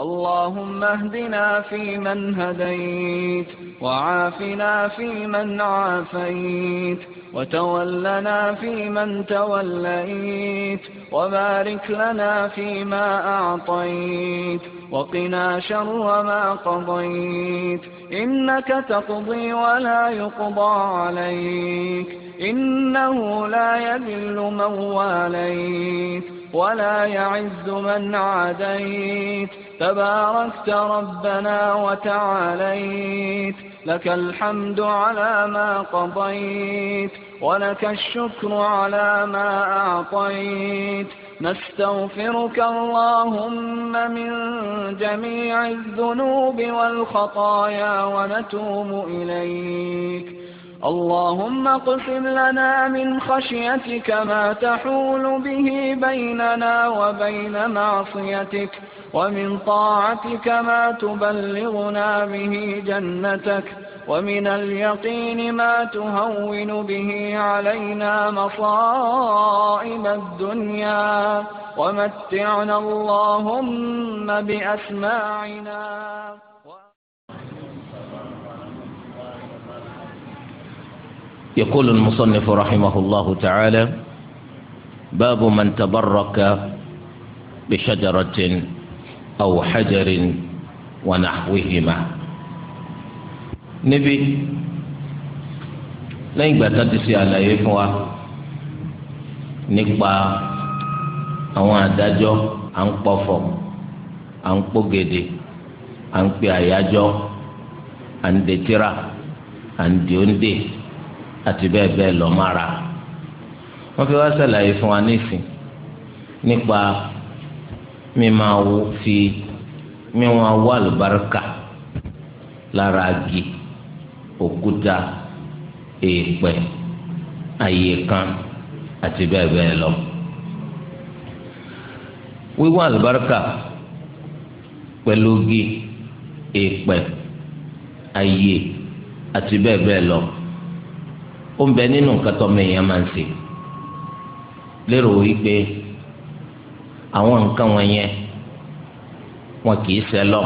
اللهم اهدنا فيمن هديت وعافنا فيمن عافيت وتولنا فيمن توليت وبارك لنا فيما أعطيت وقنا شر ما قضيت إنك تقضي ولا يقضى عليك إنه لا يذل من واليت ولا يعز من عاديت تباركت ربنا وتعاليت لك الحمد على ما قضيت ولك الشكر على ما أعطيت نستغفرك اللهم من جميع الذنوب والخطايا ونتوب إليك اللهم اقسم لنا من خشيتك ما تحول به بيننا وبين معصيتك ومن طاعتك ما تبلغنا به جنتك ومن اليقين ما تهون به علينا مصائب الدنيا ومتعنا اللهم بأسماعنا يقول المصنف رحمه الله تعالى باب من تبرك بشجرة أو حجر ونحوهما níbi lẹ́yìn ìgbà tó ti ṣe àlàyé fún wa nípa àwọn àdájọ́ à ń pọ̀fọ̀ à ń pògèdè à ń pe àyájọ́ à ń detira à ń dèóndè. De àti bẹ́ẹ̀ bẹ́ẹ̀ lọ mára wọ́n fi wá ṣàlàyé fún wa nísìn nípa mímọ fi mímọ wá àlùbáríkà lára agi òkúta èèpẹ̀ àyè kan àti bẹ́ẹ̀ bẹ́ẹ̀ lọ wíwá àlùbáríkà pẹ̀lú igi èèpẹ̀ àyè àti bẹ́ẹ̀ bẹ́ẹ̀ lọ ó ń bẹ nínú nǹkan tó ọmọ èèyàn máa ń ṣe lérò wípé àwọn nǹkan wọ̀nyẹn wọn kì í ṣe lọ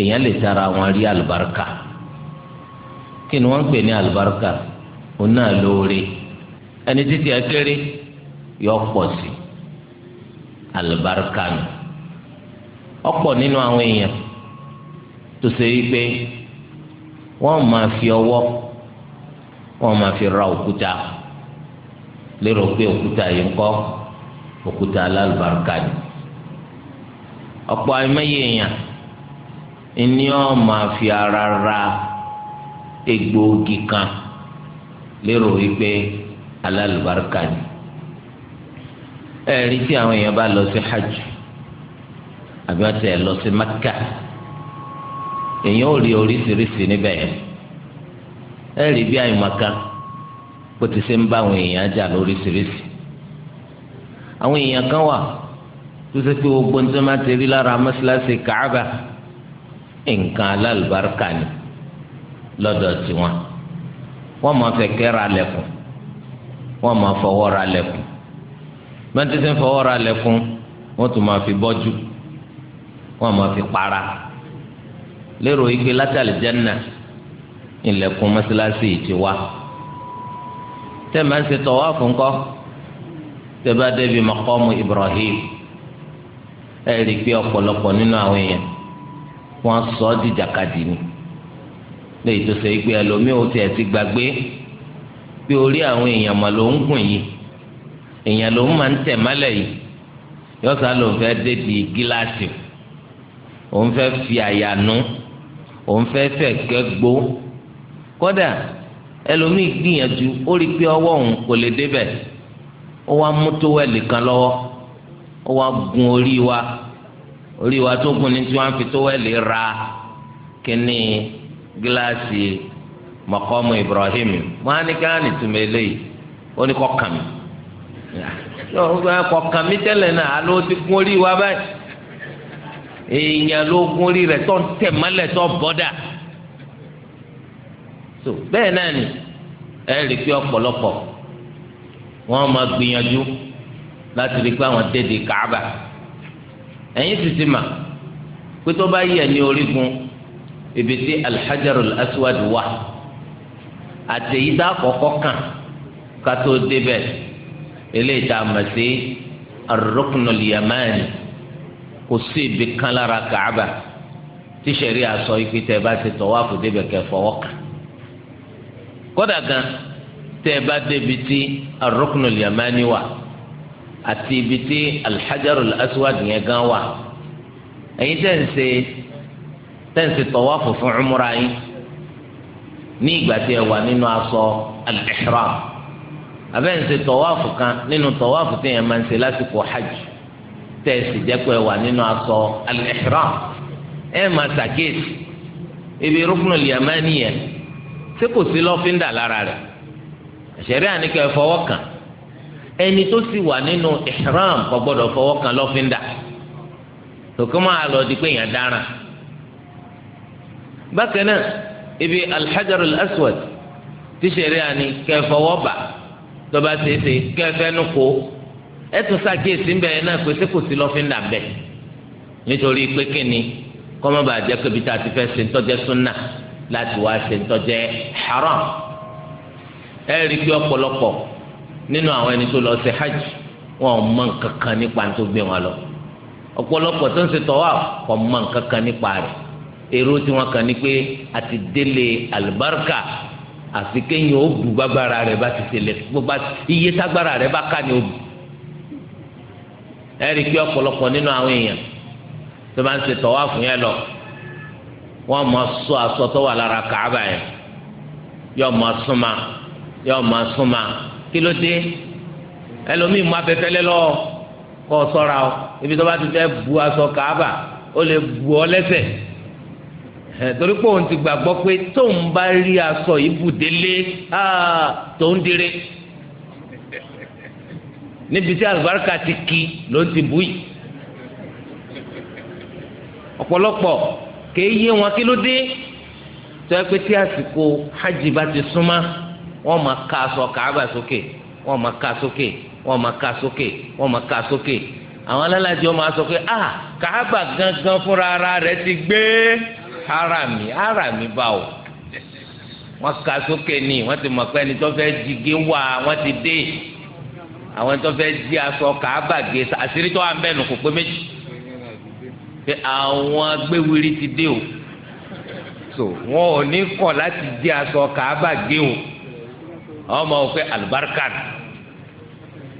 èèyàn lè tara wọn rí àlùbáríkà kí ni wọn ń pè ní àlùbáríkà òun náà lóore ẹni títí akéré yọ pọ̀ sí àlùbáríkà nù ọ̀pọ̀ nínú àwọn èèyàn tó ṣe wípé wọ́n máa fi ọwọ́ wọ́n máa fi ra òkúta lérò pé òkúta yìí ń kọ́ òkúta alálùbáríkà ni ọ̀pọ̀ àìmọye èèyàn ni wọ́n máa fi ara ra egbòogi kan lérò wípé alálùbáríkà ni ẹ̀rí tí àwọn èèyàn bá lọ sí hajj àbí wọ́n ti lọ sí Mẹ́kà èèyàn ò rí oríṣiríṣi níbẹ̀ yẹn ẹ rí bí àyùmọ̀ká bó ti ṣe ń bá àwọn èèyàn jà lóríṣiríṣi àwọn èèyàn kan wà tó ṣe pé gbogbo ní sọ́mà ti rí lára mọ́ṣáláṣí Káàbà nǹkan alálùbáríkà ni lọ́dọ̀ tiwọn wọ́n máa fẹ́ kẹ́ra lẹ́kùn wọ́n máa fọwọ́ ra lẹ́kùn bẹ́ẹ̀ tí ń fọwọ́ ra lẹ́kùn wọ́n tún máa fi bọ́jú wọ́n máa fi para lérò igbe látàlí jẹ́nà ilẹ̀kùn mọ́sálásí ti wá tẹ́ máa ń ṣe tọ́wáfù ńkọ́ tẹ́ bá débi maqamu Ibrahim ẹ̀ rí i pé ọ̀pọ̀lọpọ̀ nínú àwọn èèyàn wọ́n sọ ọ́ di jàkadì ni léyìí tó ṣe é pé ẹlòmíì ó tiẹ̀ ti gbàgbé pé orí àwọn èèyàn mà ló ń gùn yìí èèyàn ló ń máa ń tẹ̀ mọ́lẹ̀ yìí yọ́sà ló fẹ́ débi gíláàsì òun fẹ́ fi àyà nu òun fẹ́ fẹ́ kẹ́ kódà ẹlòmíì gbìyànjú ó rí i pé ọwọ́ òun kò lè débẹ̀ ó wá mú tówẹ́lì kan lọ́wọ́ ó wá gun orí wa orí wa tó gun ni tí wọ́n fi tówẹ́lì ra kínní gíláàsì mọ̀kọ́mù Ibrahim wọ́n á ní káàní túmọ̀ eléyìí ó ní kọ́ kàn mí kọ́ kàn mí tẹ́lẹ̀ náà àlọ́ ti gun orí wa báyìí èèyàn ló gun orí rẹ̀ tó ń tẹ̀ mọ́lẹ̀ tó bọ́dà tó bẹ́ẹ̀ náà ni ẹ rí i pé ọ̀pọ̀lọpọ̀ wọ́n máa gbìyànjú láti rí i pé àwọn dédé Káàbà ẹ̀yin sì ti mà pé tó bá yẹ ní orígun ibi tí alhajarul aswad wà àtẹ̀yídá àkọ́kọ́ kan ká tó débẹ̀ eléyìí tá a mọ̀ sí arrukunul yamani kò sí ibi kan lára Káàbà tíṣẹ̀rí àsọ ìpìtẹ́ bá ti tọ́wọ́ àfọ̀débẹ̀ kẹfọ́ wọ́kàn kódà gan tẹ ẹ bá débi tí aruknul yamani wà àti ibi tí alhajarul aswad yẹn gan wà ẹ̀yin tẹ ń ṣe tẹ ń ṣe tawafu fún umra yín ní ìgbà tí ẹ wà nínú aṣọ al-ihram abẹ́ ń ṣe tọ́wáàfù kan nínú tọ́wáàfù tí yẹn máa ń ṣe lásìkò hajj tẹ́ ẹ sì jẹ́ pé wà nínú aṣọ al ẹ máa ṣàkíyèsí ibi rúkúnù lìyàmá nìyẹn ṣé kò sí lọ́fíńdà lára rẹ̀ ṣẹ̀rí àníkẹ́ ẹ fọwọ́ kàn ẹni tó sì wà nínú ihram kò gbọ́dọ̀ fọwọ́ kàn lọ́fíńdà tòkí máa lọ di pé èèyàn dára bákan náà ibi alhajar aswad ti ṣẹ̀rí àníkẹ́ fọwọ́ bà tọba ṣeéṣe kẹfẹ́ kó ẹ tún ń bẹ náà pé ṣé kò sí lọ́fíńdà nítorí pé kíni kọ́mọ́bà jẹ́ láti wá ṣe tọjẹ haram ẹ rí i pé ọ̀pọ̀lọpọ̀ nínú àwọn ẹni tó lọ ṣe hajj wọn ò mọ nǹkan kan nípa tó gbé wọn lọ ọ̀pọ̀lọpọ̀ tó ń ṣe tọwọ kò mọ nǹkan kan nípa rẹ̀ èrò tí wọn kàn ní pé àti délé alibarika àfi kéèyàn ó bu gbàgbára rẹ̀ bá ti tẹlẹ gbogbo iye tágbára rẹ̀ bá ká ní o bu ẹ rí i pé ọ̀pọ̀lọpọ̀ nínú àwọn èèyàn tó bá ń ṣe tọwọ àfún yẹn lọ wọn ma sọ asọtọ tó wà lára kàába yẹn yóò máa súnmà yóò máa súnmà kí ló dé ẹlòmíì mú abẹfẹlẹ lọ kọ ṣọ́ra o ibi tó bá ti fẹ́ bu asọ kàába ó lè bu ọ lẹ́sẹ̀ torí pé òun ti gbàgbọ́ pé tóun bá rí aṣọ yìí bù délé ah, tóun dire níbi tí àlùbáríkà ti kí ló ti bù yìí ọ̀pọ̀lọpọ̀. kèé yé wọn kí ló dé tó ẹ pé tí àsìkò hajj bá ti súnmọ́ wọ́n máa ka aṣọ kàába sókè wọ́n máa ka sókè wọ́n máa ka sókè wọ́n máa ka sókè àwọn alálàájì wọ́n máa sọ pé ah kàába gangan fúnra ara rẹ̀ ti gbé harami harami báwo wọ́n ka sókè ni wọ́n ti mọ̀ pé ẹni tó fẹ́ jí gé wá wọ́n ti dé àwọn tó fẹ́ jí aṣọ kàába gé àṣírí tó wà ń bẹ̀ kò pé méjì pé àwọn agbéwìrì ti dé o so wọn ò ní kọ̀ láti dé aṣọ kàába gé o àwọn máa wọ pé alibarika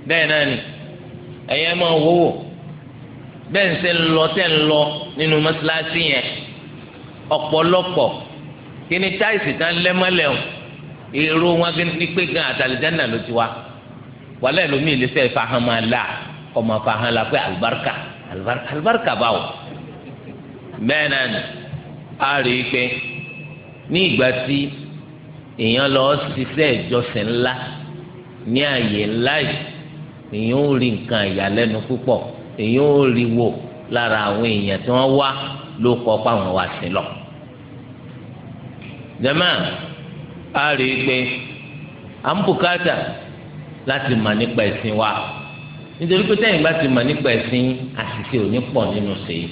bẹ́ẹ̀ náà ni ẹ̀yẹ́ máa wò wò bẹ́ẹ̀ ń ṣe ń lọ tẹ́ ń lọ nínú mọ́ṣáláṣí yẹn ọ̀pọ̀lọpọ̀ kí ni táìsì tá ń lẹ́mọ́lẹ̀ o èrò wọn ní pé gan àtàlẹ́dáná ló ti wá wàhálà ẹlòmíì lè fẹ́ máa là kọ́ máa la pé alibarika alibarika báwo bẹ́ẹ̀ náà ni a rí i pé ní ìgbà tí èèyàn lọ ṣiṣẹ́ ìjọsìn ńlá ní àyè ńlá yìí èèyàn ò rí nǹkan ìyàlẹ́nu púpọ̀ èèyàn ò rí wò lára àwọn èèyàn tí wọ́n wá ló kọ́ páwọn wá sí lọ. jẹ́mọ́ a rí i pé à láti mà nípa ẹ̀sìn wa nítorí pé tẹ́yìn bá ti mọ̀ nípa ẹ̀sìn àṣìṣe òní pọ̀ nínú ṣe é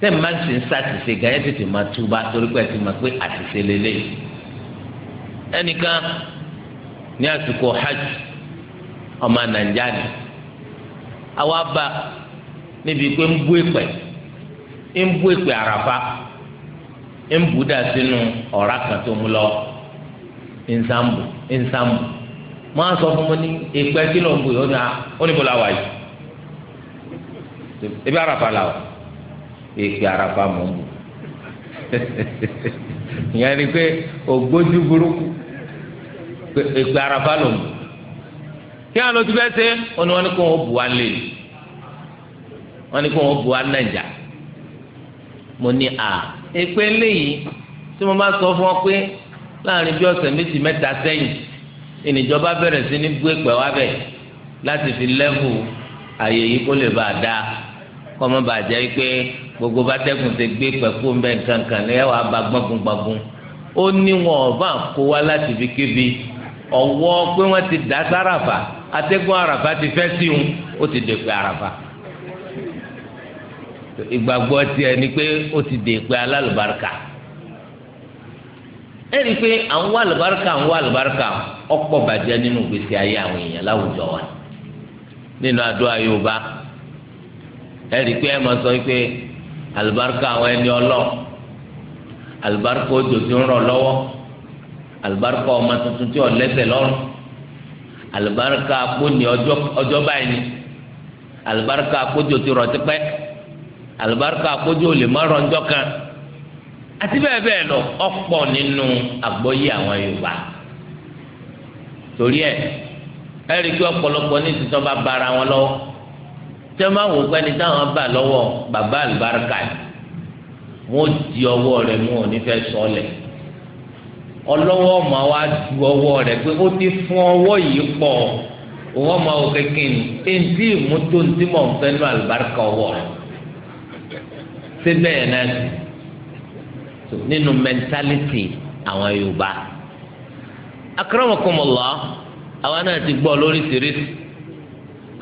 tẹ́yìn bá ti ń ṣàṣìṣe gan ẹ́ tètè máa túbá torí pé ẹ̀sìn máa pé àṣìṣe lélẹ̀ ẹnìkan ní àsìkò hajj ọmọ nàìjíríà ni àwa bá níbi pé ń bú ìpè ń bú ìpè àràfà ń bú dà sínú ọ̀rá kan tó mú lọ ń sàmbù ń sàmbù mo á sọ fún mi ní ìpẹ́ kí ló ń bù yìí ó ní a ah, ó ní bó la wà yìí ebi arafa la o ìpè arafa mọ̀ ń bù ìyẹn ni pé ògbójú burúkú ìpè arafa ló ń bù kí wọn lọ ti ṣe wọn ni wọn ni kò wọn bu wa lé wọn ni kò wọn bu wa nàìjà mo ní a ìpè léyìí tí mo bá sọ fún ọ pé láàrin bí ọ̀sẹ̀ méjì mẹ́ta sẹ́yìn ìníjọba bẹ̀rẹ̀ sí ní gbé pẹ̀ wá bẹ̀ láti fi lẹ́fù àyè yìí kó lè bá a dáa kọ́ mọ́ bàjẹ́ pé gbogbo bátẹ́kùn ti gbé pẹ̀ kó ń bẹ̀ nkankan ní ẹ̀wà bá gbọ́ngun gbọ́ngun ó ní wọn ọ̀bá kó wá láti fi kébi ọ̀wọ́ pé wọ́n ti dá sárafa atẹ́gùn àràfà ti fẹ́ sí òun ó ti dè pé àràfà ìgbàgbọ́ tiẹ̀ ni pé ó ti dè pé alálùbáríkà ẹ rí i pé à ń wá àlùbáríkà à ń wá àlùbáríkà ọ̀pọ̀ bàjẹ́ nínú ìgbésí ayé àwọn èèyàn láwùjọ wa nínú àdúrà Yorùbá ẹ rí i pé ẹ máa sọ pé àlùbáríkà àwọn ẹni ọlọ́ọ̀ àlùbáríkà òjò tí ń rọ̀ lọ́wọ́ àlùbáríkà ọmọ tuntun tí ò lẹ́sẹ̀ lọ́rùn àlùbáríkà akpóni ọjọ́ báyìí ni àlùbáríkà akpójò ti rọ̀ tipẹ́ àlùbáríkà akpójò lè má rọ̀ ńjọ́ kan àti bẹ́ẹ̀ bẹ́ẹ̀ lọ ọ̀pọ̀ nínú àgbọ́yé àwọn yorùbá torí ẹ̀ ẹ rí i pé ọ̀pọ̀lọpọ̀ ní ìtìtọ́ bá bára wọn lọ́wọ́ tẹ́ máa wò pé ẹni táwọn bá lọ́wọ́ bàbá àlùbáríkà wọn di ọwọ́ rẹ̀ mú òní fẹ́ sọ́ọ̀lẹ̀ ọlọ́wọ́ ọmọ wa du ọwọ́ rẹ̀ pé ó ti fún ọwọ́ yìí pọ̀ òun ọmọ wò kékeré ni eŋti ìmútóntìmọ̀ nfẹ́ nù àlùbáríkà ọwọ́ rẹ̀ síbẹ̀ yẹn náà nínú mẹntálítì àwọn Yorùbá akramakumullah àwọn náà ti gbọ́ lóríṣiríṣi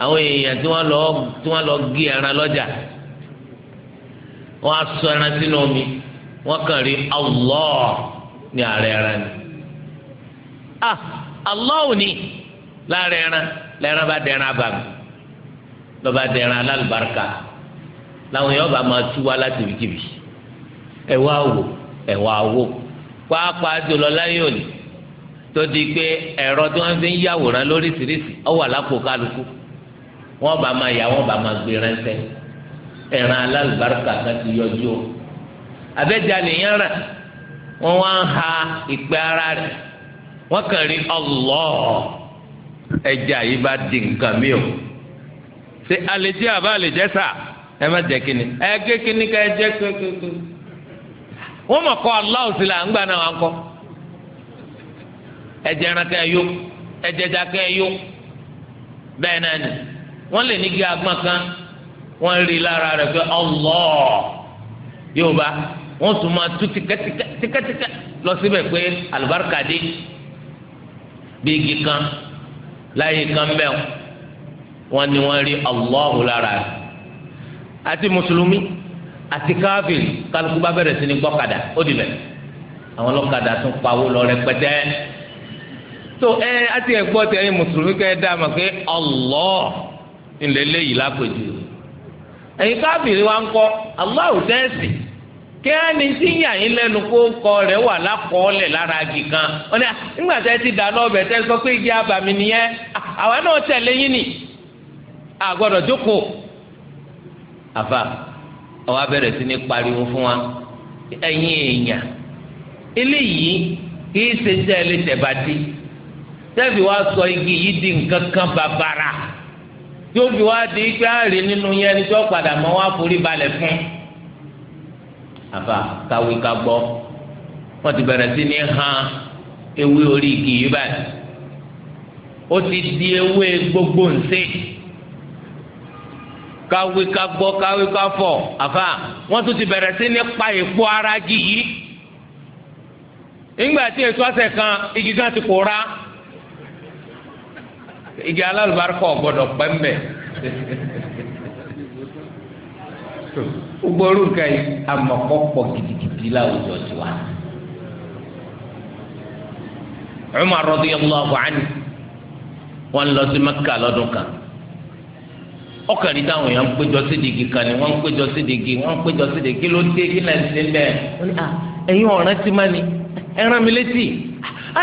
àwọn èèyàn tí wọ́n lọ tí wọ́n lọ gé ẹran lọ́jà wọ́n á sọ ẹran sínú omi wọ́n kàn rí Allah ní ààrẹ ẹran ni ah Allah ò ní láàrẹ ẹran lẹ́ran bá dẹran abàmì lọ́ba dẹran alálùbáríkà làwọn èèyàn bá máa tú wá láti ibikíbi ẹ wá wò. ẹ̀wà owó pàápàá jùlọ láyé òní tó di pé ẹ̀rọ tí wọ́n fi ń yàwòrán lóríṣiríṣi ó wà kálukú wọ́n bá máa yà wọ́n bá máa gbé ránṣẹ́ ẹ̀ràn alálùbáríkà kan ti yọjú o àbẹ́jà nìyẹn rà wọ́n wá ha ara rẹ̀ wọ́n kàn rí yìí bá o ṣe àlejò àbá àlejò sà ẹ má kínní ẹ gé kínní ká ẹ wọ́n mọ̀ kọ́ aláwọ̀ sí la ń gbà náà wà ń kọ́ ẹ̀jẹ̀ ẹran kẹ́ ẹ yó ẹ̀jẹ̀ ẹja kẹ́ ẹ yó bẹ́ẹ̀ náà ni wọ́n lè ní gé agbọ́n kan wọ́n rí lára rẹ̀ pé ọlọ́ yóò bá wọ́n tún máa tú tíkẹ́tíkẹ́ lọ síbẹ̀ pé àlùbáríkà dé bí igi kan láyé kan mẹ́wọ̀n wọ́n ní wọ́n rí ọlọ́hùn lára rẹ̀ àti mùsùlùmí. àti káfíìn kálukú bá bẹ̀rẹ̀ sí ní gbọ́kadà ó dìbẹ̀ àwọn ọlọ́kadà tún pawó lọ rẹpẹtẹ tó ẹ àti tẹ mùsùlùmí kẹ́ ẹ dá pé ọlọ́ léyìí ẹ̀yin káfíìn wa ń kọ́ aláwọ̀ tẹ́sì kí á ní tí lẹ́nu kó kọ rẹ̀ wà lákọọ́lẹ̀ lára kan nígbà tẹ́ ti dáná ọbẹ̀ tẹ́ sọ pé igi abàmì nìyẹn àwa náà tẹ̀lé yín ni jókòó àfà ó wá bẹ̀rẹ̀ sí ní pariwo fún wa ẹ̀yin èèyàn eléyìí kìí ṣe jẹ́ ẹ lè tẹ̀bà dé tẹ́ẹ̀fì wá sọ igi yìí di nǹkan kan bàbàrà tí ó fi wá di pé àárè nínú yẹn ni tí wọ́n padà mọ́ wá forí balẹ̀ fún àbá káwé ká gbọ́ wọ́n ti bẹ̀rẹ̀ sí ní han ewé orí igi yìí báyìí ó ti di ewé gbogbo ǹsẹ́ káwé ká gbọ́ káwé ká fọ̀ àfà wọ́n tún ti bẹ̀rẹ̀ sí ní pa èpo ara jì yìí nígbà tí èso ọ̀sẹ̀ kan igi kan ti pòórá igi alálùbáríkọ gbọ́dọ̀ pẹ́ mbẹ gbogbo orúkọ yìí amọ̀kọ́ pọ̀ gidigidi láwùjọ tiwa Umar radiyallahu anhu wọ́n lọ sí Mẹ́kà lọ́dún kan ọkàn rí táwọn èèyàn ń péjọ sídìgì kan ni wọ́n ń péjọ sídìgì wọ́n ń péjọ sídìgì kí ló dé kí lẹ́yìn ṣe bẹ́ẹ̀ ẹ̀yin ọ̀ràn ti má ni ẹran mi létí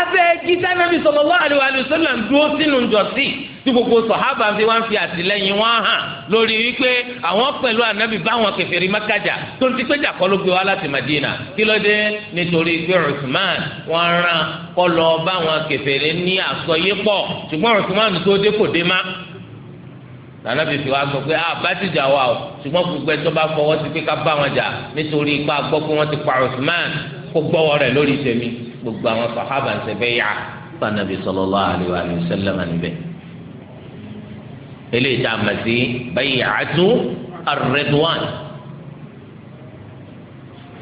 abẹ́ gíga nàbì sallallahu alaihi wasallam dúró sínú ìjọsí tí gbogbo sọ̀hábà fi wá ń fi àtìlẹ́yìn wọn hàn lórí wípé àwọn pẹ̀lú ànábì báwọn kèfèrí Mákàjà tó ń ti péjà kọ́ ló gbé wá láti Madina kí ló dé nítorí pé Usman wọn rán kọ́ lọ báwọn kèfèrí ní àsọyépọ̀ ṣùgbọ́n Usman tó dé kò dé má tànàbí fi wá sọ pé a ah, bá ti jà wá o ṣùgbọ́n gbogbo ẹjọ́ bá fọwọ́ sí pé ká bá wọn jà nítorí ipá gbọ́ pé wọ́n ti pa Usman kó gbọ́wọ́ rẹ̀ lórí tèmi gbogbo àwọn sàhábà ń sẹ́fẹ́ yá tànàbí sallallahu alaihi wa sallam níbẹ̀. eléyìí tá a mọ̀ sí bay'atu ar-ridwan.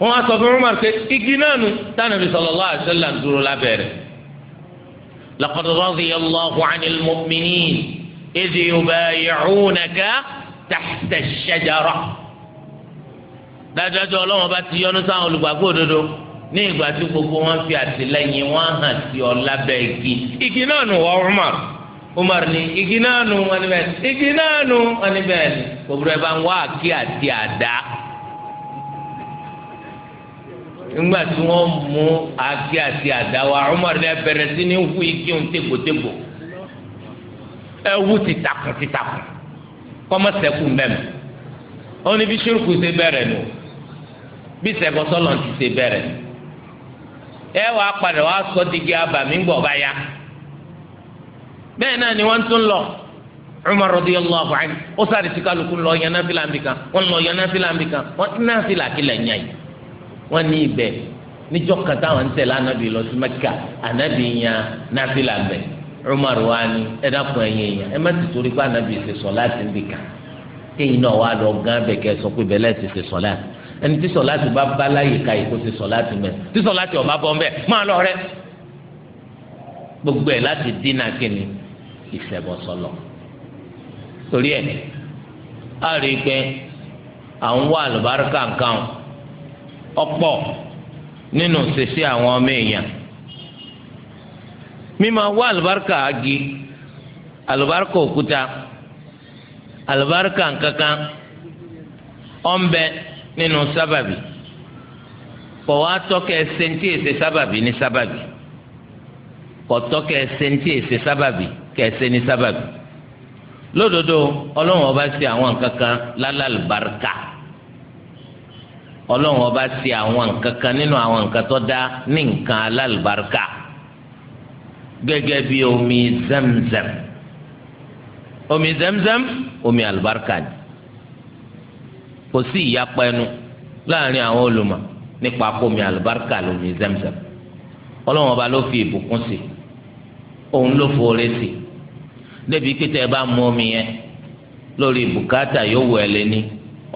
wọ́n á sọ fún Umar pé igi náà nu tànàbí sallallahu alaihi wa sallam dúró lábẹ́rẹ̀ إذ yubayi'unaka تحت الشجرة. shajara dájúdájú ọlọ́wọ́n bá ti yọ́nú sáwọn olùgbàgbọ́ òdodo ní ìgbà tí gbogbo wọn fi àtìlẹ́yìn wọn hàn sí ọ lábẹ́ igi igi náà nù wọ́n Umar Umar ní igi náà nù wọn níbẹ̀ igi náà nù wọn níbẹ̀ ní gbogbo ẹ bá ń wá àkí àti àdá nígbà tí wọ́n mú àkí àti àdá wa Umar ní ẹ bẹ̀rẹ̀ sí ní hu igi ń tégbòtégbò. ẹwú ti takùn ti takùn kọ́mọ́sẹ̀kù mẹ́mọ́ ó ní bí ṣírùkù ṣe bẹ̀rẹ̀ nù bí sẹ̀gọ́sọ́lọ̀ ti ṣe bẹ̀rẹ̀ nù ẹ wàá padà wàá digi abàmì gbọ̀ bá ya bẹ́ẹ̀ náà ni wọ́n tún lọ Umar radiyallahu ó sáré kálukú lọ ń bì kan wọ́n lọ ń bì kan wọ́n ń yìí wọ́n ní ibẹ̀ níjọ́ wọn tẹ̀lé lọ sí Mẹ́kà Umar wa ni ẹ dákun ẹ̀yin èèyàn ẹ má ti torí pé anabi ṣe sọ̀láàtì ń bì kan kéyìn náà wà lọ gán abẹ kẹ sọ pé bẹlẹ ti ṣe sọ̀láàtì ẹni tí sọ̀láàtì bá bá láyè ká yìí kó ṣe sọ̀láàtì mẹ tí sọ̀láàtì ọba bọ mbẹ máa lọ rẹ gbogbo ẹ láti dínà kíni ìṣẹ̀bọ̀sọ̀lọ̀ torí ẹ̀ á rí i pé à ń wá àlùbáríkà nǹkan ọ̀pọ̀ nínú ṣẹṣẹ àwọn ọmọ èèyàn mímọ wá àlùbáríkà agi àlùbáríkà òkúta àlùbáríkà nkankan ọ̀nbẹ nínú sábàbí kọ̀wá tọ́kẹ́ sẹ́ńtì èsè sábàbí ní sábàbí kọ̀tọ́kẹ́ sẹ́ńtì èsè sábàbí kẹsẹ́ ní sábàbí lódodo ọlọ́run ọba ṣe àwọn nkankan lálàlùbáríkà ọlọ́run ọba ṣe àwọn nkankan nínú àwọn nkan tó dá ní nkan alálùbáríkà gẹ́gẹ́ bí omi zamzam omi zamzam omi alibarika ni kò sí ìyapa ẹnu láàrin àwọn olùmọ̀ nípa omi alibarika lomi zamzam ọlọ́wọ́n ọba ló fi ìbùkún sí òun ló foore sí débi pété ẹ bá mú omi yẹn lórí bùkátà yóò wọ ẹ lẹ́ni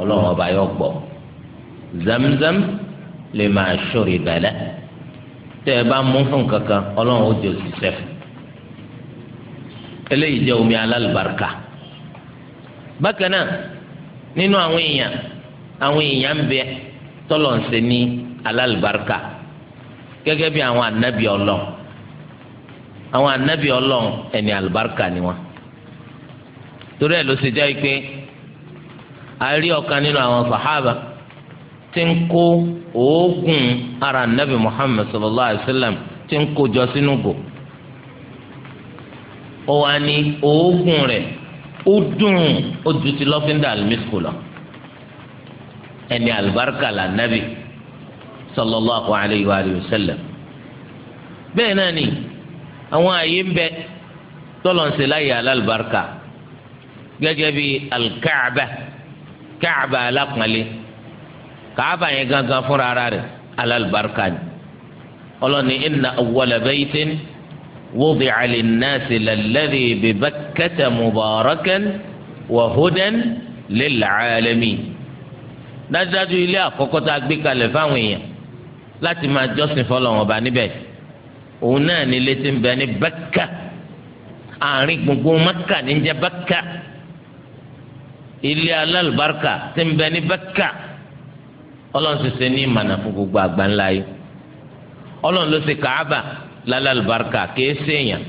ọlọ́wọ́n ọba yóò gbọ́ zamzam lè máa ṣòrì bẹ́lẹ́. tẹ ẹ bá mú fún kankan ọlọ́run ó jẹ òṣìṣẹ́ eléyìí jẹ́ omi alálùbáríkà bákan náà nínú àwọn èèyàn àwọn èèyàn ń bẹ tọ́lọ̀ ń ṣe ní alálùbáríkà gẹ́gẹ́ bí àwọn ànábì ọlọ́run àwọn ẹni alùbáríkà ni wọn torí ẹ̀ ló ṣe jẹ́ a ọ̀kan nínú àwọn tí ń kó oògùn ara nabi muhammed sallallahu alayhi wa sallam tí ń kó jọ sínú gò ó wá ní oògùn rẹ̀ ó dùn ó ju ti lọ́fíńdà alimisku lọ ẹni alibarika la nabi sallallahu alayhi wa sallam bẹ́ẹ̀ náà ni àwọn àyè ń bẹ tọ́lọ̀nsẹ̀ láyé alálùbáríkà gẹ́gẹ́ bí alkaaba kaaba alákùnrin kàába yẹn gangan fúnra ara rẹ̀ alálùbáríkà ni ọlọ́ni inna awwala baytin wudi'a linnasi lalladhi bibakkata mubarakan wa hudan lil'alamin dájúdájú ilé àkọ́kọ́ tá a gbé kalẹ̀ fáwọn èèyàn láti máa jọ́sìn fọlọ́wọn ọba níbẹ̀ òun náà ní ilé ń bẹ ní bẹ́kà àárín gbùngbùn mẹ́kà ní bẹ́kà ilé alálùbáríkà tí ń bẹ ní bẹ́kà ọlọ́run ṣe ṣe ní ìmọ̀nà fún gbogbo àgbáńlá yìí ọlọ́run ló ṣe kàábà lálàlùbáríkà kìí ṣèyàn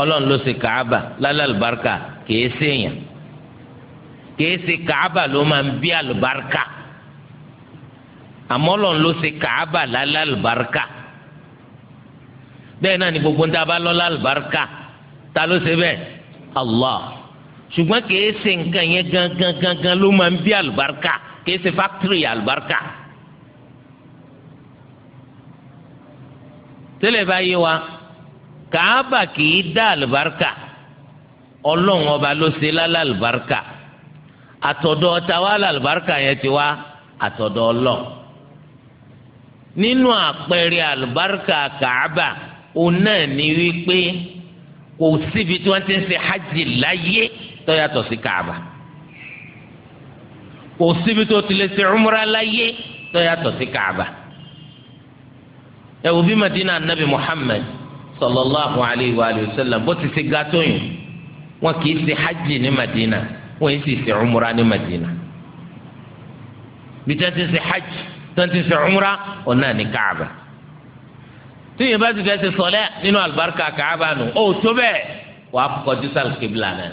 ọlọ́run ló ṣe kàábà lálàlùbáríkà kìí ṣèyàn kìí ṣe kàábà ló máa ń bí àlùbáríkà àmọ́ ọlọ́run ló ṣe kàábà lálàlùbáríkà bẹ́ẹ̀ náà ni gbogbo ń dábàá lọ́la àlùbáríkà ta ló ṣe bẹ́ẹ̀ Allah ṣùgbọ́n kìí ṣe nǹkan yẹn gangan gangan ló máa ń bí àlùbáríkà kìí ṣe fákítírì àlùbáríkà tẹ́lẹ̀ báyìí wa kàábà kìí dá àlùbáríkà ọlọ́run ọba ló ṣe lálẹ́ àlùbáríkà àtọ̀dọ̀ ọ̀tá wa làlùbáríkà yẹn ti wá àtọ̀dọ̀ ọlọ́run nínú àpẹẹrẹ àlùbáríkà kàábà òun náà ní wípé kò síbi tí wọ́n ti ń ṣe hajj láyé tó sí kàábà. Si kò síbi tó ti lè ṣe umra láyé tó yàtọ̀ sí kaaba ẹ wò bí madina anabi muhammed sallallahu alayhi wa sallam bó ti ṣe gàtó yìí wọn kì í ṣe hajj ní madina wọn yìí sì ṣe umra ní madina bí tẹ́ ti ṣe hajj tẹ́ ti ṣe umra ọ̀nà ní kaaba tí bá ti fẹ́ ṣe sọlẹ́ nínú alibarika kaaba nù ó tó bẹ́ẹ̀ wàá kọjú sálùkébìlà náà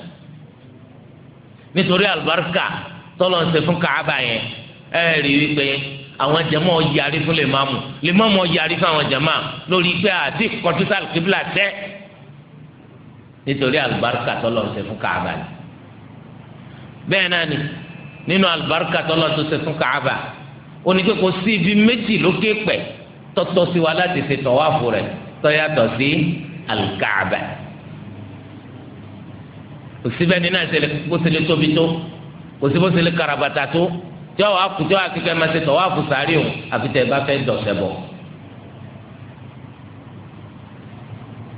nítorí alibarika tọ́lọ̀ ń ṣe fún káàbà yẹn ẹ rí i wípé àwọn jẹmọ yarí fún lè máa mú lè má mọ yarí fún àwọn jẹmọ lórí pé àti kọtútà kìbìlà tẹ nítorí àlùbáríkà tọ́lọ̀ ń ṣe fún káàbà yẹn bẹ́ẹ̀ náà ni nínú àlùbáríkà tọ́lọ̀ tó ṣe fún káàbà oníkẹ́ kò sí ibi méjì lókè pẹ̀ tọ́tọ́ sí wa láti ṣe tọ́wáfù rẹ̀ tọ́yàtọ̀ sí àlùkáàbà òsínbẹ́ni náà ṣe lè kó ṣe lè tóbi tó kò sí karabata tó tí ọ wàá kú tí ọ wàá kíkẹ́ máa ṣe tọ̀ wàá kú sáré o àfi tẹ̀ bá fẹ́ dọ̀sẹ̀ bọ̀.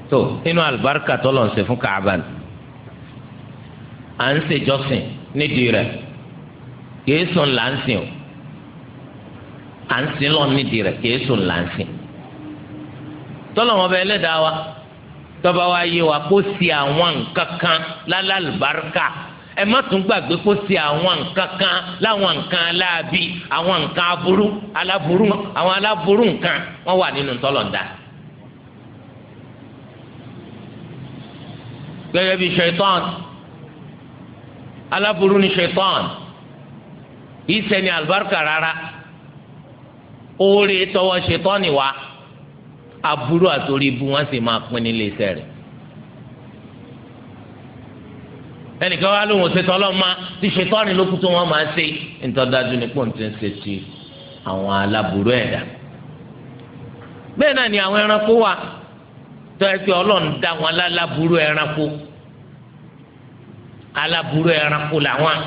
tó inú alibarika tó lọ ṣe fún kaaba ni à ń ṣèjọsìn nídìí rẹ̀ kìí sùn là ń sìn o à ń sìn lọ nídìí rẹ̀ kìí sùn là ń sìn tọ́lọ̀ wọn bẹ ẹlẹ́dàá wa tọ́ba wa yé wa kó si àwọn nǹkan kan lálẹ́ alibarika ẹ má tún gbàgbé kó ṣe àwọn nǹkan kan láwọn nǹkan aláàbí àwọn nǹkan aburú aláburú àwọn aláburú nǹkan wọn wà nínú tọlọǹda. gẹ́gẹ́ bí ṣaitan aláburú ni ṣaitan kìí ṣẹni àlùbáríkà rárá oore tọwọ́ ṣaitan wa aburú àtòrí ibu wọn sì máa pín nílé iṣẹ́ rẹ̀. ẹnìkan wá lóhùn ṣètò ọlọ́mọ tí ṣètò ọ̀rìn lókùn tó wọ́n máa ń ṣe ntọ́dájú ní pọ́ǹtì ń ṣe ti àwọn aláburú ẹ̀dá. bẹ́ẹ̀ náà ni àwọn ẹranko wà tó ẹ pé ọlọ́run dá wọn láláburú ẹranko aláburú ẹranko làwọn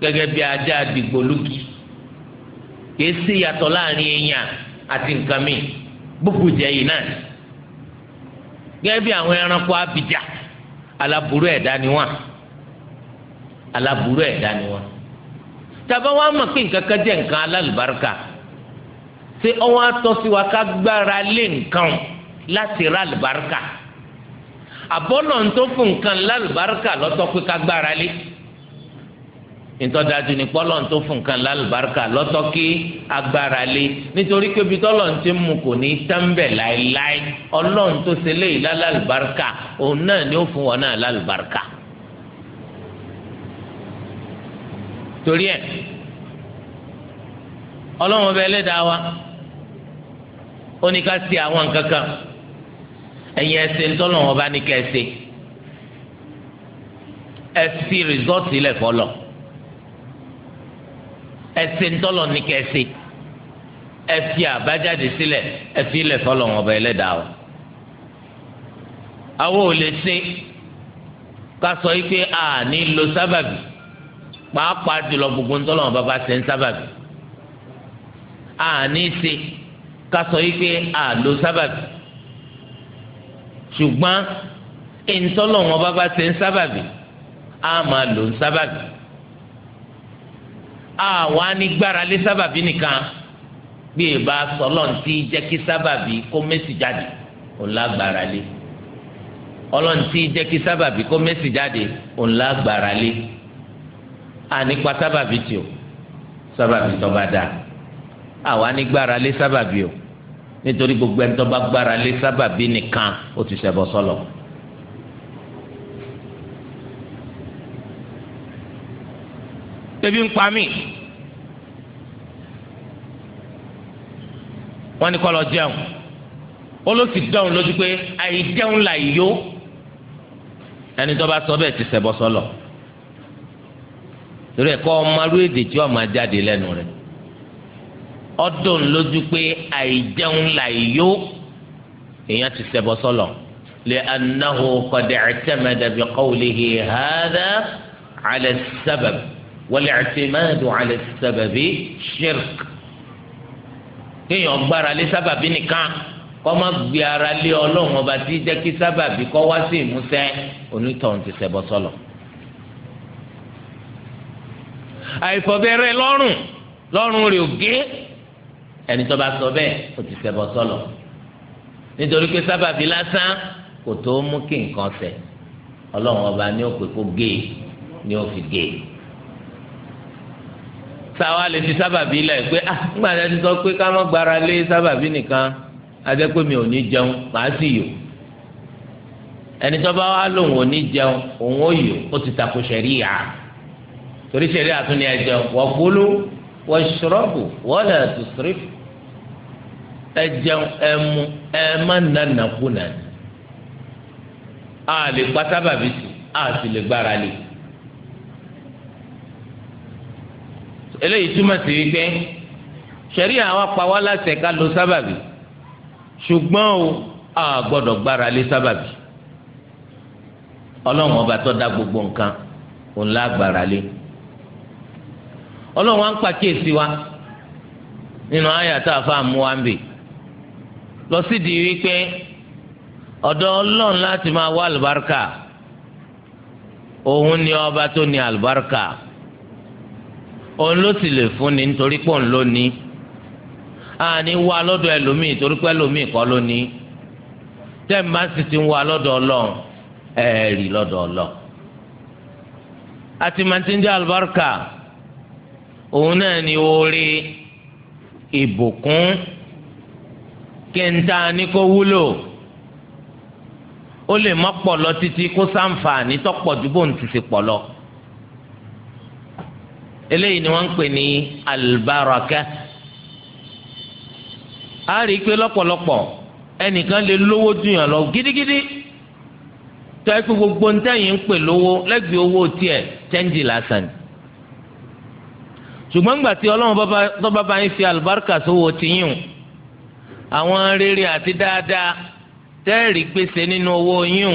gẹ́gẹ́ bí ajá dìgbòlùkì kìí sí ìyàtọ̀ láàrin èèyàn àti nǹkan jẹ́ yìí aláburú ẹ̀dá ni wọ́n aláburú ẹ̀dá ni wọ́n tàbá wàá mọ̀ pé nǹkan kan jẹ́ nǹkan alálùbáríkà ṣé ọwọ́n atọ́ sí wa ká gbára lé nǹkan láti ra àlùbáríkà àbọ̀nà tó fún nǹkan lálùbáríkà lọ́tọ́ pé ká gbára lé ìtọ́dájú ni pọ́lọ́n tó fún nǹkan lálùbáríkà lọ́tọ́ agbara agbára lé nítorí pé ibi tọ́lọ́n ti mú kò ní tẹ́ḿbẹ̀ láéláé ọlọ́run tó ṣe léyìí lálùbáríkà òun náà ni ó fún wọn náà lálùbáríkà. torí ẹ ọlọ́run ọba ẹlẹ́dàá wa ó ní ká ṣe àwọn nǹkan kan ẹ̀yin ẹsẹ̀ ńtọ́lọ́run ní ká ẹsẹ̀ ẹsẹ̀ rìsọ́ọ̀tì lẹ̀ ẹsẹ ńtọlọ ní kẹsẹ ẹfi àbájáde sílẹ̀ ẹfi ilẹ fọlọ wọn ọba Ẹlẹ́dàá o àwọn ò lè ṣe kásọ yìí pé a ní lo sábàbí pàápàá jùlọ gbogbo ńtọlọ wọn bàbá ṣe ń sábàbí a ní ṣe kásọ yìí pé a lo sábàbí ṣùgbọ́n ńtọlọ wọn bàbá ṣe ń sábàbí a máa lo sábàbí àwa ní gbára lé sábàbí nìkan bí ìbá sọlọ́ǹtì jẹ́ kí sábàbí kó mẹ́sì jáde òun lágbára lé ọlọ́ǹtì jẹ́ kí sábàbí kó mẹ́sì jáde òun lágbára lé ànípa sábàbí tì o sábàbí tó bá dáa àwa ní gbára lé sábàbí o nítorí gbogbo ẹni tó bá gbára lé sábàbí nìkan ó ti ṣẹbọ sọlọ. So ebi ń pa mí. wọ́n ní kó lọ jẹun olóòtú dọ̀hún lójú pé àìjẹun là yó ẹni tó bá sọ bẹ́ẹ̀ ti ṣẹbọ sọlọ torí ẹ̀kọ́ ọmọlú èdè tí ọmọ jáde lẹ́nu rẹ̀ ọdún lójú pé àìjẹun là yó èèyàn ti ṣẹbọ sọlọ lè anahu qad i'tamada bi qawlihi hadha ala sabab. والاعتماد على السبب شرك kéèyàn gbára lé sábàbí nìkan kó má gbé ara lé ọlọ́run ọba tí jẹ́ kí sábàbí kó wá sí ìmúṣẹ onítọ̀hún ti ṣẹbọ sọlọ. àìfọ̀bẹ̀rẹ̀ lọ́rùn lọ́rùn rẹ̀ ògé ẹni tó bá sọ bẹ́ẹ̀ ó ti ṣẹbọ sọlọ nítorí pé sábàbí lásán kò tó mú kí nǹkan ṣẹ ọlọ́run ọba ní òpè kó gé ni ó fi gé e sáwa lè fi sábàbí lẹ̀ pé ah nígbà tí a ti sọ pé ká má gbára lé sábàbí nìkan adẹ́pẹ́ mi ò ní jẹun màá sì yò ẹni tó bá wà lóun ò ní jẹun òun ò yò ó ti tako ṣẹ̀ríà torí ṣẹ̀ríà tún ní ẹ jẹun wakulu washrabu wala tusrifu ẹ jẹun ẹ mu ẹ má nànàkúnà a lè gba sábàbí sí a sì lè gbára lé. eléyìí túmọ̀ sí wípé sẹ̀rí àwọn apáwá láṣẹ ká lo sábàbí ṣùgbọ́n o a gbọ́dọ̀ gbára lé sábàbí ọlọ́run ọba tó dá gbogbo nǹkan òun lá gbára lé ọlọ́run á ń pàkíyèsí wa nínú àyà tá a fà mú wa ń bè lọ sí di wípé ọ̀dọ̀ ọlọ́run láti máa wá àlùbáríkà òun ni ọba tó ní àlùbáríkà òun ló sì lè ni, nítorí pé òun ló ní àní wá lọ́dọ̀ ẹlòmíì torí pé ẹlòmíì kọ́ ló ní tẹ́ ẹ máa sì ti ń wá lọ́dọ̀ ọlọ́run ẹ rí lọ́dọ̀ ọlọ́run. àti màtíńdé alùbáríkà òun náà ni orí ìbùkún kí n ta ni kó wúlò ó lè má pọ̀ lọ títí kó sáǹfà ní tọ́pọ̀ ju bóun ti ṣe pọ̀ lọ eléyìí ni wọ́n ń pè ní albaraka a rí i pé lọ́pọ̀lọpọ̀ ẹnìkan lè lówó dùnyàn lọ gidigidi tó ẹ pé gbogbo ntẹ̀yìn ń pè lówó lẹ́gbẹ̀ẹ́ owó tiẹ̀ tẹ́ǹdì lásán ṣùgbọ́n gbà tí ọlọ́run tó bá bá yín fi albaraka sówó tiyín àwọn rere àti dáadáa tẹ́ẹ̀rí pèsè nínú owó yín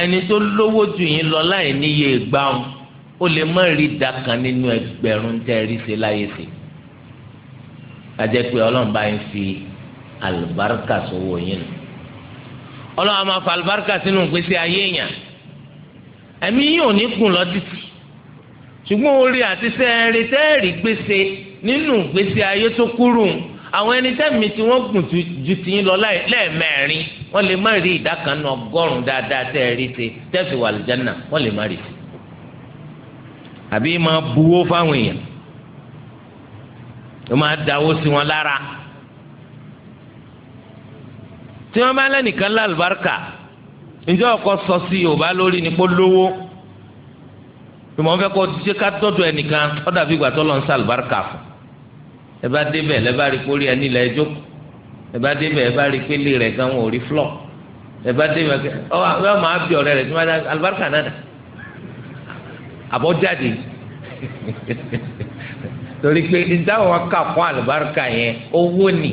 ẹni tó lówó dùnyìn lọ láì níye gbáhùn ó lè má rí dàkan nínú ẹgbẹ̀rún tẹ́ ẹ rí ṣe láyé sí àjẹpẹ́ ọlọ́run bá ń fi àlùbáríkà sówó yín nù ọlọ́run a máa fa àlùbáríkà sínú ìgbésí ayé yàn ẹ̀mí yín ò ní kùn lọ títì ṣùgbọ́n orí àti sẹ́ẹ̀rì tẹ́ẹ̀rì gbèsè nínú ìgbésí ayé tó kúrú àwọn ẹni tẹ́mi tí wọ́n gùn ju tiyín lọ lẹ́ẹ̀mẹ́rin wọ́n lè má rí ìdá kan náà ọgọ́rùn dáadáa tẹ́ẹ̀rí ṣe tẹ́ẹ̀fì wà lìjánà wọ́n lè má rí ṣe àbí máa buwó fáwọn èèyàn ó máa dáwó sí wọn lára tí wọ́n bá lẹ́nìkan lálùbáríkà ǹjẹ́ ọkọ sọ sí yorùbá lórí ni kó lówó tùmọ̀ fẹ́ kó ṣe ká tọ́jú ẹnìkan ó dàbí ìgbà tó lọ ń sàlùbáríkà fún ẹ bá débẹ̀ lẹ́ bá rí kórìí ẹni ilẹ̀ ẹjọ́ ẹ bá débẹ̀ ẹ bá rí pélé rẹ̀ gan wọn ò rí flọ̀ ẹ bá débẹ̀ ọ máa bí ọ̀rẹ́ rẹ̀ tí wọ́n á dá alùbáríkà náà dà. àbọ̀jáde torí pé ìdáwọn kà fún àlùbáríkà yẹn owó ni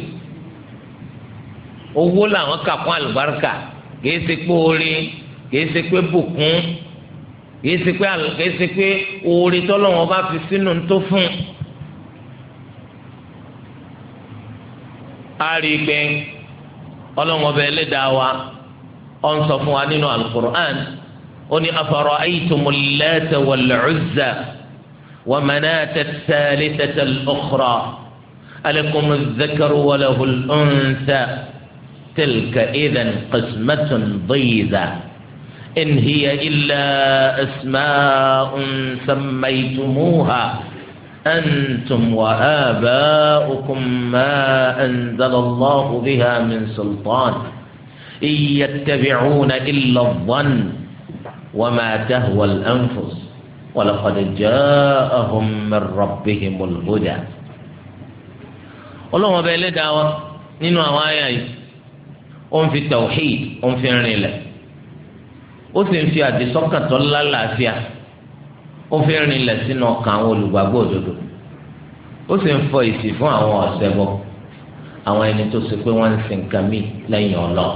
owó làwọn kà fún àlùbáríkà kìí ṣe pé orin kìí ṣe pé bùkún kìí ṣe pé oore tọ́lọ́wọ́n bá fi sínú tó fún un. a rí i wa ọ ń sọ fún wa nínú قُلِ أَفَرَأَيْتُمُ اللَّاتَ وَالْعُزَّى وَمَنَاةَ الثَّالِثَةَ الْأُخْرَى أَلَكُمُ الذَّكَرُ وَلَهُ الْأُنثَى تِلْكَ إِذًا قِسْمَةٌ ضِيزَى إِنْ هِيَ إِلَّا أَسْمَاءٌ سَمَّيْتُمُوهَا أَنْتُمْ وَآبَاؤُكُمْ مَا أَنزَلَ اللَّهُ بِهَا مِنْ سُلْطَانٍ إِنْ يَتَّبِعُونَ إِلَّا الظَّنَّ وما تهوى الأنفس ولقد جاءهم من ربهم الهدى ọlọ́wọ́n ọba ẹlẹ́dàá wa nínú àwọn àyà yìí ó ń fi tawhid ó ń fi rìn lẹ̀ ó sì ń fi àdìsọ́kàn tó lálàáfíà ó fi rìn lẹ̀ sínú ọkàn àwọn olùgbàgbọ́ òdodo ó sì ń fọ ìsì fún àwọn ọ̀sẹ̀bọ àwọn ẹni tó ṣe pé wọ́n ń sin nǹkan míì lẹ́yìn ọlọ́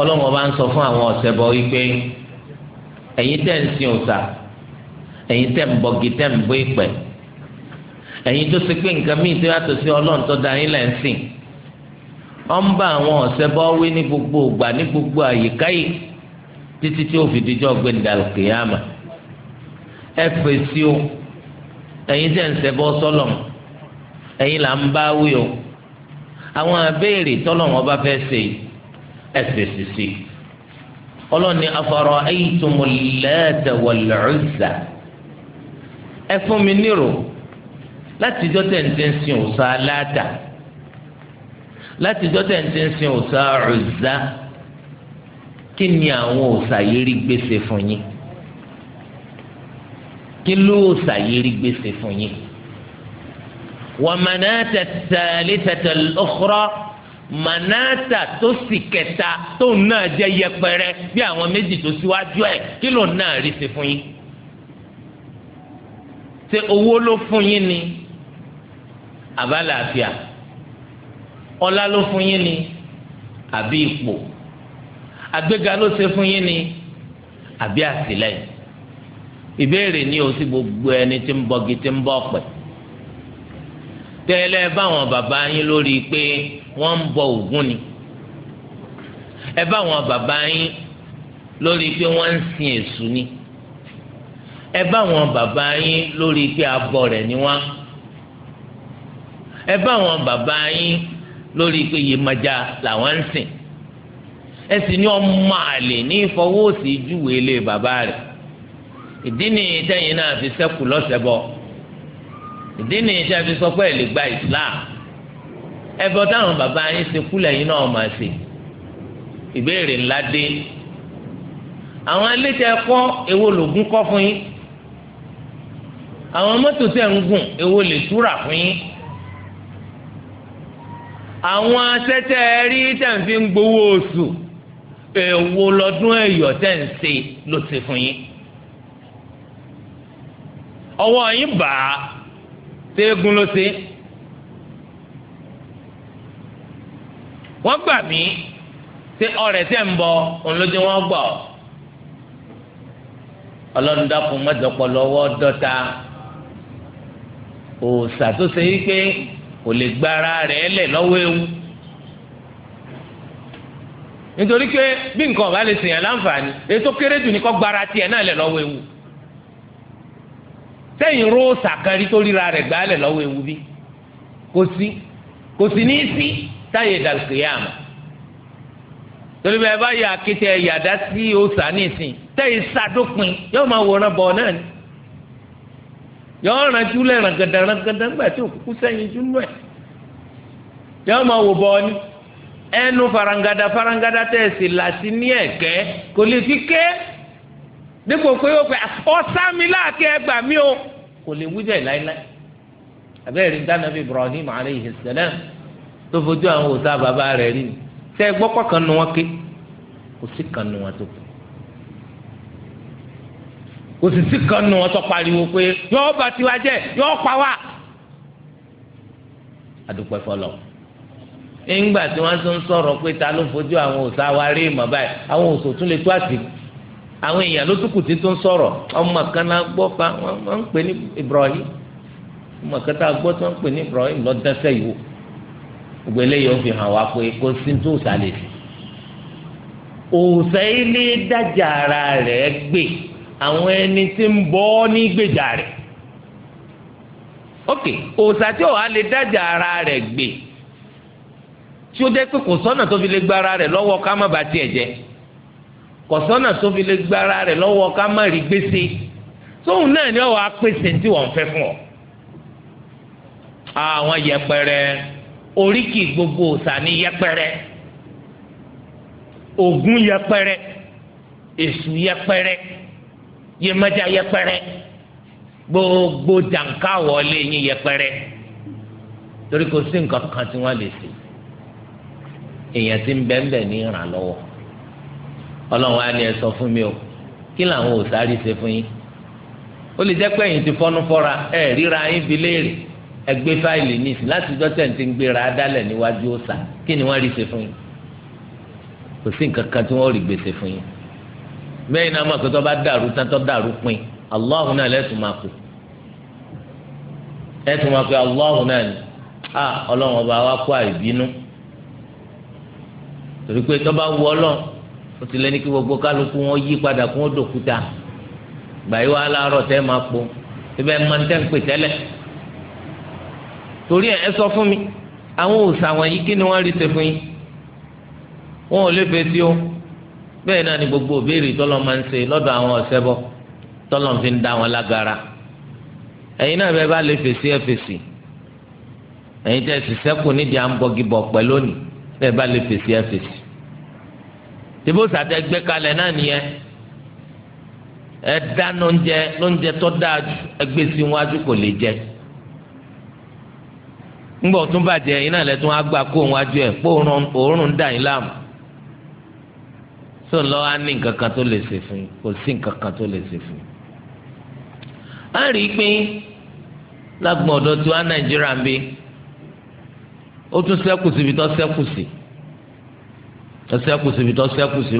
ọlọ́wọ́n ọba ń sọ fún àwọn ọ̀sẹ̀bọ wípé ẹ̀yin tẹ́ ń sin òòṣà ẹ̀yin tẹ́ ń bọgi tẹ́ ń bọ ìpẹ́ ẹ̀yin tó ṣe pé nǹkan míì tó yàtọ̀ sí ọlọ́run tó dá yín lẹ́ ń sìn wọ́n ń bá àwọn ọ̀sẹ̀ bọ́ wí ní gbogbo ògbà ní gbogbo àyíká yìí títí tí ó fi dijọ́ gbẹ̀ndàlù kìyàmà ẹ fèsì o ẹ̀yin tẹ́ ń ṣẹbọ sọ́lọ̀ ẹ̀yin là ń bá wí o àwọn abéèrè tọ́lọ̀ wọn bá fẹ́ ṣe ẹ fèsì sí i ọlọ́ni afọ̀rọ̀ ayétumọ̀lẹ́tẹ̀ wọ̀lẹ́rùsà ẹ fún mi nírò láti jọ́ tẹ̀ǹtẹ̀ ń sin òòṣà aláàtà láti jọ́ tẹ̀ǹtẹ̀ ń sin òòṣà rùzà kí ni àwọn òòṣà yìí rí gbèsè fún yín kí ló òòṣà yìí rí gbèsè fún yín wàmánà tẹ̀tẹ̀ manata tó sì kẹta tóun náà jẹ yẹpẹrẹ bí àwọn méjì tó síwájú ẹ kí lòun náà rí sí fún yín ṣé owó ló fún yín ni àbálàáfíà ọlá ló fún yín ni àbí ipò àgbéga ló ṣe fún yín ni àbí àtìlẹ́yìn ìbéèrè ni o sí gbogbo ẹni tí ń bọgi tí ń bọ ọ̀pẹ tẹ́lẹ̀ báwọn bàbá yín lórí pé wọ́n ń bọ Ògún ni ẹ bá wọn bàbá yín lórí pé wọ́n ń sin Èṣù ni ẹ bá wọn bàbá yín lórí pé abọ rẹ̀ ni wọ́n ẹ bá wọn bàbá yín lórí pé Yemọja làwọn ń sìn ẹ sì ní ọmọ àlè ní ìfọwọ́sí júwèé lé bàbá rẹ̀ ìdí nìyí tẹ́yìn náà fi sẹ́kù lọ́sẹ̀ bọ̀ ìdí nìyí tẹ́yìn fi sọ pé ẹ̀ lè gba Islam ẹbọ táwọn bàbá yín ṣe kú lẹ́yìn náà máa ṣe ìbéèrè ńlá dé àwọn ilé tẹ́ kọ́ èwo lògùn kọ́ fún yín àwọn mọ́tò tẹ́ ń gùn èwo lè túrà fún yín àwọn asẹ́tẹ́ rí tẹ́ ń fi ń gbowó oṣù èwo lọ́dún ẹ̀yọ̀ tẹ́ ń ṣe ló ṣe fún yín ọwọ́ yín bàá tẹ́gun ló ṣe é. wọ́n gbà mí ṣé ọ̀rẹ́ tẹ̀ ń bọ̀ òun ló dé wọ́n gbọ́ ọlọ́run dákun mọ́jọpọ̀ lọ́wọ́ dọ́ta òòṣà tó ṣe wípé kò lè gbára rẹ̀ lẹ̀ lọ́wọ́ ewu nítorí pé bí nǹkan ọ̀bá lè sèyàn láǹfààní ètò kéré jù ní kó gbára tiẹ̀ náà lẹ̀ lọ́wọ́ ewu sẹ́yìn róòsà kan rí tó ríra rẹ̀ gbá lẹ̀ lọ́wọ́ ewu bí kò sí kò sí ní í sí táyé dàlùkìyàmù torí bẹ́ẹ̀ bá yà kété yàdá sí òòsà nísìn táyé sadópin yóò máa wòran bọ̀ náà ni yọ̀ọ́ rànjú lẹ̀ ràngàdà ràngàdà ńgbà tí òkùnkùn sẹ́yìn jú nù ẹ̀ yọ̀ọ́ máa wò bọ̀ ni ẹnu farangada farangada tẹ̀sí làtí ní ẹ̀kẹ́ kò lè fi ké dípò pé ó pẹ ọsá láàkẹ́ ẹgbà mi o kò lè wí bẹ́ẹ̀ láéláé abẹ́rẹ́ ìdáná bíi Ibrahim aleyhi salam tó fojú àwọn òòṣà bàbá rẹ̀ rí ni tẹ́ ẹ gbọ́ pọ̀kan nu wọn ké kò sí kan nu wọn tó kù kò sì sí kan nu wọn tó pariwo pé yọ́ọ́ bá tiwa jẹ́ yọ́ọ́ pa wá adúpẹ́ fọlọ́ nígbà tí wọ́n tún sọ̀rọ̀ pé ta ló fojú àwọn òòṣà wa rí ìmọ̀ báyìí àwọn òòṣà tún lè tó àsìkò àwọn èèyàn ló túkù tí tó sọ̀rọ̀ ọmọ kan náà gbọ́ pa wọ́n ń pè ní Ibrahim ọmọ kan tá a gbọ́ tí wọ́n ń pè ní Ibrahim lọ́dẹ́sẹ̀ yìí gbogbo eléyìí ó fi hàn wá pé kó sí tó sálẹ̀ sí òòsàn ilé dájà ara rẹ̀ gbé àwọn ẹni tí ń bọ́ ní gbèjà rẹ̀ ok òòsàn tí òwà lè dájà ara rẹ̀ gbé tí ó jẹ́ pé kò sọ́nà tó fi lè gba ara rẹ̀ lọ́wọ́ ká má ba tiẹ̀ jẹ́ kò sọ́nà tó fi lè gba ara rẹ̀ lọ́wọ́ ká má rí gbèsè tóun náà ni ọ̀wà pèsè tí wọ́n fẹ́ fún ọ àwọn yẹpẹrẹ oríkì gbogbo sani ní yẹpẹrẹ ogun yẹpẹrẹ Èṣù yẹpẹrẹ Yemọja yẹpẹrẹ gbogbo jàǹkà wọlé yín yẹpẹrẹ torí kò sí nǹkan kan tí wọ́n lè ṣe èèyàn ti ń bẹ́ńbẹ́ ní ìrànlọ́wọ́ ọlọ́run á ní ẹ sọ fún mi o kí làwọn òòṣà rí ṣe fún yín ó lè jẹ́ pé ẹ̀yin ti fọ́nú fọ́ra ẹ̀ ríra yín fi léèrè ẹgbẹ́ fáìlì ní ìsìn láti jọ́ tẹ̀ǹtì ń gbéra dálẹ̀ níwájú ọ̀sà kí ni wọ́n rí ṣe fún yín kò sí nǹkan kan tí wọ́n rí gbèsè fún yín bẹ́ẹ̀ náà mọ̀ pé tó bá dàrú tán tó dàrú pin aláhùn náà lẹ́tùn máa pè lẹ́tùn máa pè aláhùn náà ni a ọlọ́run ọba wa kó àìbínú torí pé tó bá wù ọlọ́run ó ti lé ní kí gbogbo kálukú wọn yí padà kó wọn dòkúta gbàyí wàhálà tẹ́ máa po torí ẹ sọ fún mi àwọn òòṣà wọ̀nyí kí ni wọ́n rí ṣe fún yín wọn ò lè fèsì o bẹ́ẹ̀ náà ni gbogbo òbéèrè tọ́lọ́ máa ń ṣe lọ́dọ̀ àwọn ọ̀sẹ́ bọ́ tọ́lọ́ fi ń dá wọn lágara ẹ̀yin náà bẹ́ẹ̀ bá lè fèsì ẹ fèsì ẹ̀yin tẹ́ sì sẹ́kù nídìí à ń bọ́gi bọ̀ pẹ́ lónìí bẹ́ẹ̀ bá lè fèsì ẹ fèsì tìbó sàtẹ gbé kalẹ̀ náà nìyẹn ẹ dáná oúnjẹ lóúnjẹ tó dáa ẹgbẹ́ sí wájú kò lè jẹ ńgbà ọ̀tún bàjẹ́ iná ẹ̀lẹ́tún agbá kó òun wájú ẹ̀ pé òórùn ń dà yín láàmú tó ń lọ á ní nǹkan kan tó lè ṣe fún yín kò sí nǹkan kan tó lè ṣe fún yín. a rí i pé lágbọ̀n ọ̀dọ́ tí wọ́n nàìjíríà ń bí ó tún ṣẹ́kù síbi tó ṣẹ́kù sí tó ṣẹ́kù síbi tó sí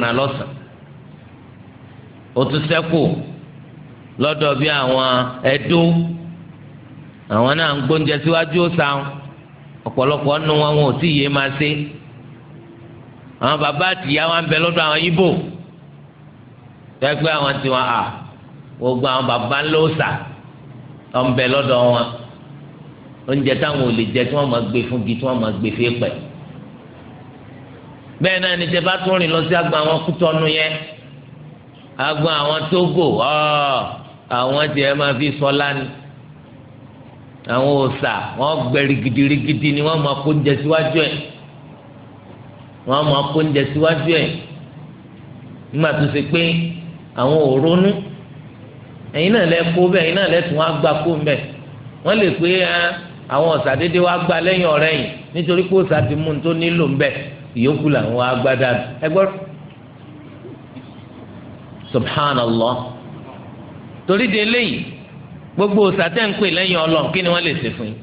lọ́dọ̀ ó tún sẹ́kù lọ́dọ̀ bí àwọn ẹ̀dó àwọn náà ń gbóúnjẹ síwájú ọ̀sán ọ̀pọ̀lọpọ̀ nínú wọn wọn ò tí yé máa ṣe àwọn bàbá àtìyá wa ń bẹ lọ́dọ̀ àwọn Ìgbò tẹ́gbẹ́ àwọn tiwọn à gbogbo àwọn bàbá ńlọ ọ̀sà ń bẹ lọ́dọ̀ wọn oúnjẹ táwọn ò lè jẹ tí wọ́n máa gbé fún gi tí wọ́n máa gbé fún pẹ̀ bẹ́ẹ̀ náà ni tẹ bá tún rìn lọ sí àgbà wọn kú tọ́nu yẹn agbọn àwọn Tógò àwọn tiẹ̀ máa fi sọlá ni àwọn òòsà wọn gbẹ̀rì gidigidi ni wọ́n máa kó oúnjẹ síwájú ẹ̀ wọ́n máa kó oúnjẹ síwájú ẹ̀ nígbà tó ṣe pé àwọn ò ronú ẹ̀yin náà lẹ kó bẹ́ẹ̀ ẹ̀yin náà lẹ tún wá gbà kó bẹ́ẹ̀ wọ́n lè pé ah, àwọn òòsà déédéé wá gbà lẹ́yìn ọ̀rẹ́ yìí nítorí pé òòsà ti mú un tó nílò ń ìyókù làwọn wá gbá dáadáa ẹgbọ́n subhanallah torí de eléyìí gbogbo sàtẹ́ǹpè lẹ́yìn ọlọ́run kí ni wọ́n lè ṣe fún yín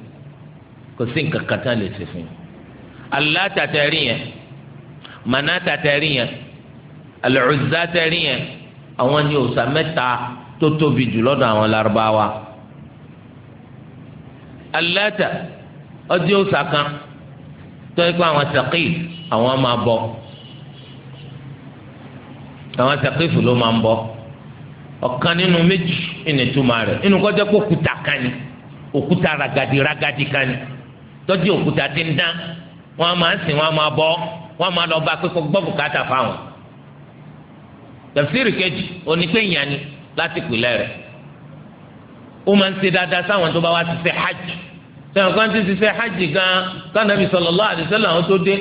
kò sí nǹkan kan tán lè ṣe fún yín Allah tàtẹ́rì yẹn màná tàtẹ́rì yẹn Al-Uzza tàtẹ́rì yẹn àwọn ni òòṣà mẹ́ta tó tóbi jù lọ́dọ̀ àwọn Lárúbáwá Allah tà ọdí òòṣà kan tó yẹ kó àwọn sàkíyì àwọn máa bọ̀. àwọn sakifu ló máa ń bọ ọ̀kan nínú méjì ìnìtúmọ̀ rẹ̀ inú kọjá kó òkúta kan ni òkúta ragadi ragadi kan ni tọ́jú òkúta ti ń dán wọ́n máa ń sìn wọ́n máa bọ́ wọ́n máa lọ bá pípọ́ fáwọn. kejì onípéyìn ni láti pìlẹ̀ rẹ̀ ó máa ń ṣe dáadáa sáwọn tó bá wá ti ṣe hajj sọ̀rọ̀ kan ti ṣiṣẹ́ hajj gan kanabi sallallahu àwọn tó dé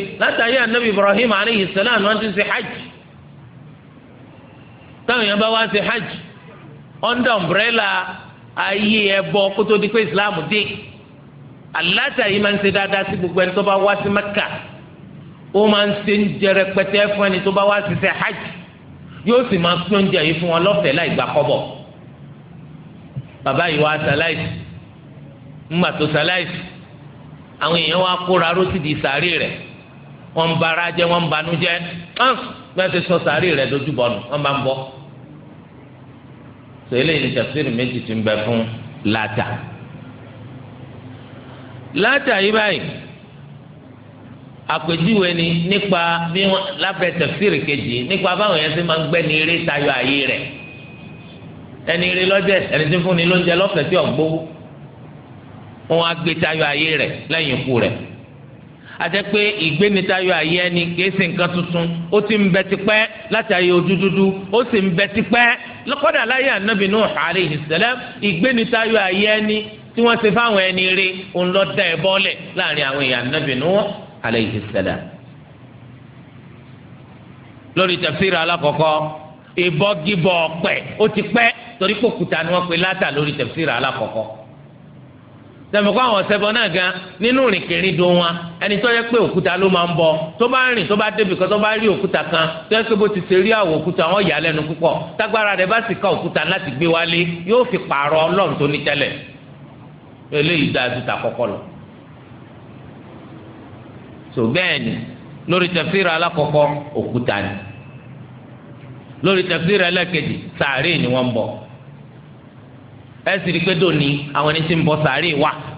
táwọn èèyàn bá wá ṣe hajj under umbrella ayé ẹbọ kótó di islam dé aláta yìí máa ń ṣe dáadáa sí gbogbo ẹni tó bá wá sí mẹ́kà ó máa ń ṣe ń jẹrẹ pẹtẹ fún ẹni tó hajj yóò sì máa pín oúnjẹ yìí fún wọn lọ́fẹ̀ẹ́ láì gbà kọ́bọ̀ bàbá yìí wá ṣaláìsì ńgbà tó ṣaláìsì àwọn èèyàn wá kóra sàárè rẹ̀ wọ́n ń bara jẹ́ wọ́n ń banú jẹ́ bẹ́ẹ̀ ti sọ sàárì rẹ̀ dojú bọ̀nù wọ́n bá ń bọ́. sọ eléyìí ni tafsir méjì ti ń bẹ fún láta. láta yìí báyìí àpèjúwe ni nípa bí wọn lábẹ́ tafsir kejì nípa báwọn yẹn ti máa ń gbẹ́ ní eré tayọ ààyè rẹ̀ ẹni eré lọ́jẹ̀ ẹni tí ń fún ni lóúnjẹ lọ́fẹ̀ẹ́ tí ò ń gbówó wọn á gbé tayọ ààyè rẹ̀ lẹ́yìn ikú rẹ̀ àti pé ìgbénitayọ ayé ẹni kìí ṣe nǹkan tuntun ó ti ń bẹ tipẹ́ láti ayé ojú dúdú ó sì ń bẹ tipẹ́ lọ́kọ́dà láyé ànábì Nuh alayhi salam ìgbénitayọ ayé ẹni tí wọ́n ṣe fáwọn ẹni rí òun lọ da ẹ̀ bọ́lẹ̀ láàrin àwọn èèyàn ànábì Nuh alayhi salam. lórí tafsir alákọ̀ọ́kọ́ ìbọ́gibọ̀ ọ̀pẹ̀ ó ti pẹ́ torí kòkúta ni wọ́n pe látà lórí tafsir alákọ̀ọ́kọ́ sẹ́mi kó àwọn ṣẹbọ náà gan nínú rìnkìrìn dùn wọn ẹni tó yẹ pé òkúta ló máa ń bọ tó bá rìn tó bá débi kan tó bá rí òkúta kan tó yẹ pé bó ti ṣe rí àwọ̀ òkúta wọn yà lẹ́nu púpọ̀ tágbára rẹ̀ bá sì ká òkúta láti gbé wálé yóò fi pààrọ̀ ọlọ́run tó ní tẹ́lẹ̀ eléyìí dáa ju ta lọ. tó bẹ́ẹ̀ ni lórí tafsir alákọ̀ọ́kọ́ òkúta ni lórí tafsir ẹ sì rí i pé dòní àwọn ẹni tí ń bọ sàárè wà